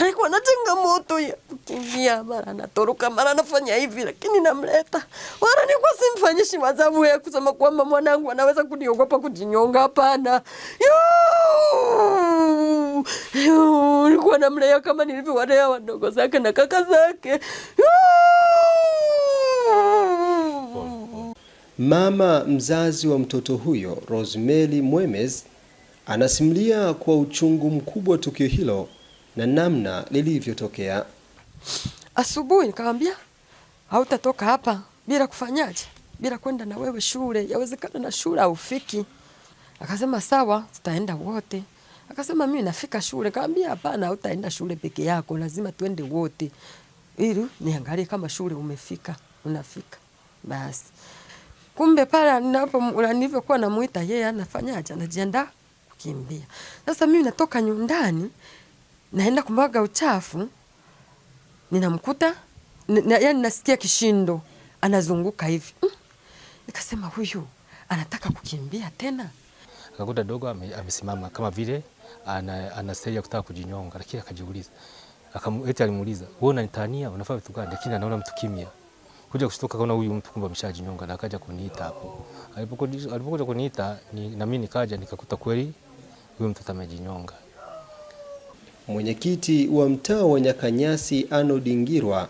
alikuwa na changamoto ya kukimbia, mara anatoroka, mara anafanya hivi, lakini namleta. Mara nilikuwa simfanyishi adhabu ya kusema kwamba mwanangu anaweza kuniogopa kujinyonga. Hapana, nilikuwa namlea kama nilivyowalea wadogo zake na kaka zake. Mama mzazi wa mtoto huyo Rosemary Mwemes anasimulia kwa uchungu mkubwa tukio hilo na namna lilivyotokea. Asubuhi nikamwambia hautatoka hapa bila kufanyaje, bila kwenda na wewe shule, yawezekana na shule haufiki. Akasema sawa, tutaenda wote. Akasema mimi nafika shule. Kaambia hapana, hautaenda shule peke yako, lazima tuende wote, ili niangalie kama shule umefika, unafika. Basi kumbe pale ninapo nilivyokuwa namuita yeye, anafanyaje? Anajiandaa kukimbia. Sasa mimi natoka nyumbani naenda kumwaga uchafu ninamkuta na, yani nasikia kishindo anazunguka hivi mm. Nikasema huyu anataka kukimbia tena. Akakuta dogo amesimama kama vile ana, ana stage ya kutaka kujinyonga, lakini akajiuliza, akamwita alimuuliza, wewe unanitania unafaa vitu gani? Lakini anaona mtu kimya, kuja kushtuka kaona huyu mtu kumbe ameshajinyonga, na akaja kuniita hapo. Alipokuja kuniita ni, na mimi nikaja nikakuta kweli huyu mtu amejinyonga. Mwenyekiti wa mtaa wa Nyakanyasi Arnold Ngirwa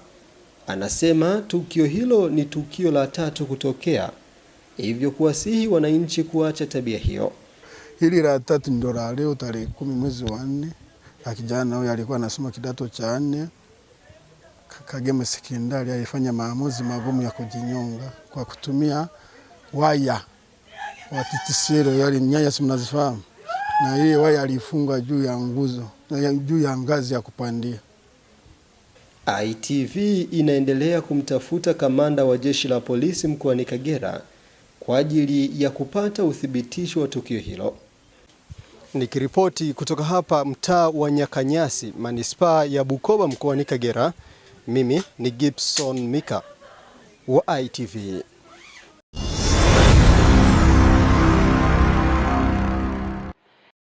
anasema tukio hilo ni tukio la tatu kutokea, hivyo kuwasihi wananchi kuacha tabia hiyo. Hili la tatu ndio la leo tarehe kumi mwezi wa nne, na kijana huyo alikuwa anasoma kidato cha nne kagema Sekondari, alifanya maamuzi magumu ya kujinyonga kwa kutumia waya wa TTCL, yale nyaya simnazifahamu na yeye waya alifunga juu ya nguzo na juu ya ngazi ya kupandia. ITV inaendelea kumtafuta kamanda wa jeshi la polisi mkoani Kagera kwa ajili ya kupata uthibitisho wa tukio hilo. Nikiripoti kutoka hapa mtaa wa Nyakanyasi, manispaa ya Bukoba mkoani Kagera, mimi ni Gibson Mika wa ITV.